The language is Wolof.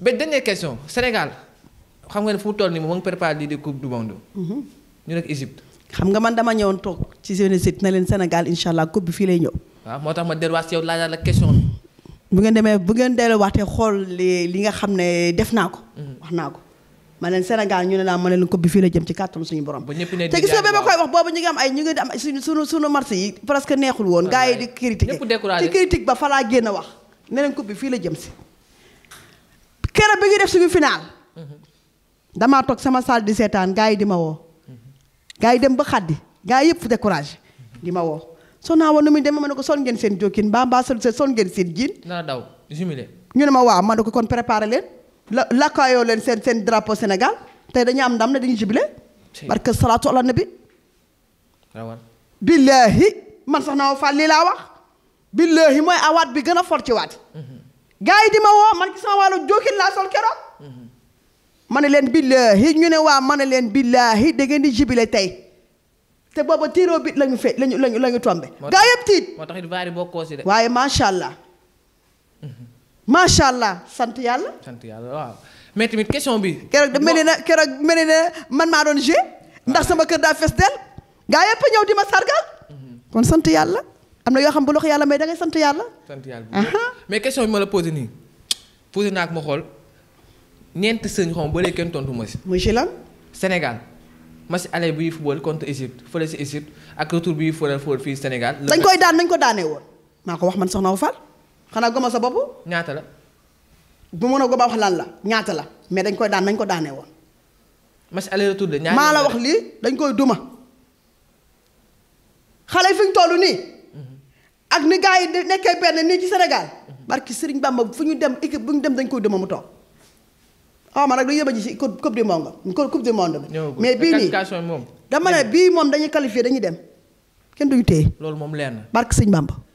ba denee question Sénégal xam nga ne fu mu toll nii moom mu ngi préparé lii di coupe du monde. Mhm. ñu nekk Égypte. xam nga man dama ñëwoon toog ci seen site na leen Sénégal incha allah coupe bi fii lay ñëw. waaw moo tax ma delluwaat si yow laajaat la question bi. bu ngeen demee bu ngeen delluwaatee xool li li nga xam ne def naa ko. Mhm. wax naa ko ma leen Sénégal ñu ne naa ma leen coupe bi fii la jëm ci kàttan suñu borom. te gis nga ba ma koy wax boobu ñu ngi am ay ñu ngi am suñu suñu suñu marché yi presque neexul woon. gars yi di critiquer ci critique ba fa wax ne fii la jëm si keroog bi ñu damaa toog sama salle di seetaan gaa yi di ma woo gars yi dem ba xaddi gars yi yëpp découragé di ma woo soo naa woon nu muy demee ma ne ko sol ngeen seen jokkin mbaa mbaa sol son ngeen seen jiin. naa daw ñu ne ma waaw ma ne ko kon préparé leen la lakkaayoo leen seen seen drapeau Sénégal te dañu am ndam na dañu jubilé. parce que salaatu ala nabi. billaahi man sax na ma fàl lii laa wax. billaahi mooy awaat bi gën a fort ci waat. Mhm. gars yi di ma woo man ci sama wàllu jóokin laa sol keroog. ma ne leen billaahi ñu ne waa ma ne leen billaahi da ngeen di jibile tey te boobu tiiroo bit lañu fe lañu lañu lañu tombé. gaa yëpp tiit moo tax it vaari bokkoo si de. waaye macha allah. macha allah sant yàlla. sant yàlla waaw mais tamit question bi. keroog da mel ne keroog mel ne man maa doon joué ndax sama kër daa fees del gaa yëpp ñëw di ma sargal. Mhm. kon sant yàlla am na yoo xam bu loxo yàlla may da sant yàlla mais question bi ma la posé nii posé naa ak ma xool ñeenti sëñ xaw ma ba léegi kenn tontu ma si. muy si lan. Sénégal match aller bi football contre Égypte fële si Égypte ak retour bi football fii Sénégal. dañ koy daan nañ ko daanee woon. maa ko wax man soxna Awa Fall xanaa gëmal sa bopp. ñaata la. bu mën a gëma wax lan la ñaata la mais dañ koy daan nañ ko daanee woon. match aller retour de maa la wax lii dañ koy duma. xale fi ñu toll nii. Mhm. ak ni gars yi nekkee benn nii ci Sénégal. barki Serigne Bamba fu ñu dem équipe bu ñu dem dañ koy duma mu toog xaw ma nag dañu yóbbu ji ci coupe du monde coupe du monde bi. mais bii nii dama ne bii moom dañuy qualifié dañuy dem kenn duñu téye. loolu moom leen na barki Serigne Bamba.